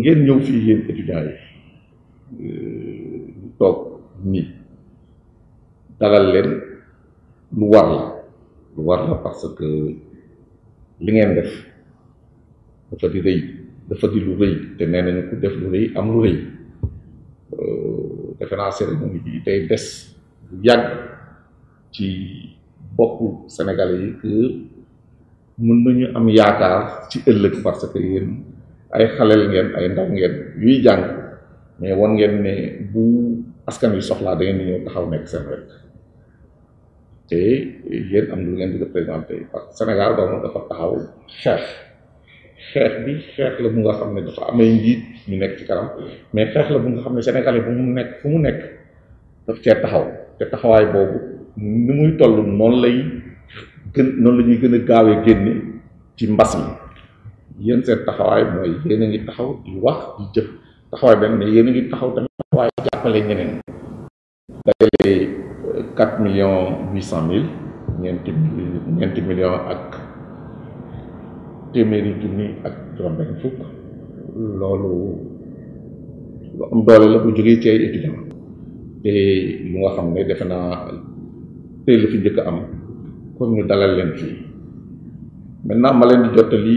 ngeen ñëw fii yéen étudiant yi ñu toog nii dalal leen lu war la lu war la parce que li ngeen def dafa di rëy dafa di lu rëy te nee nañu ku def lu rëy am lu rëy euh, defe naa ngi bi day des bu yàgg ci boppu sénégalais yi que mën nañu am yaakaar ci ëllëg parce que yéen ay xalel ngeen ay ndaw ngeen yuy jàng mais won ngeen ne bu askan wi soxla da ngeen ñëw taxaw nekk seen rek te yéen am lu ngeen di représenté parce que Sénégal doomu dafa taxaw xeex xeex bi xeex la bu nga xam ne dafa amee njiit ñu nekk ci kanam mais xeex la bu nga xam ne Sénégalais bu mu nekk fu mu nekk daf cee taxaw te taxawaay boobu ni muy toll noonu lay gën noonu la ñuy gën a gaawee génne ci mbas mi yéen seen taxawaay mooy yéen a ngi taxaw di wax di jëf taxawaay benn mais yéen ngi taxaw tamit taxawaay jàppale ñeneen dajale euh, quatre millions huit cent mille ñeenti ñeenti ak téeméeri junni ak juróom fukk loolu lu am doole la bu jógee ci ay étudiants te lu nga xam ne defe naa tey lu fi njëkk am kon ñu dalal leen fii maintenant ma leen di jottali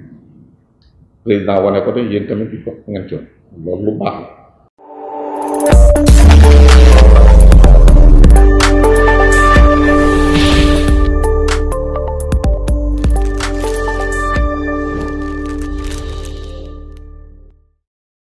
président wane ko te yéen tamit di ko ngeen ci loolu lu baax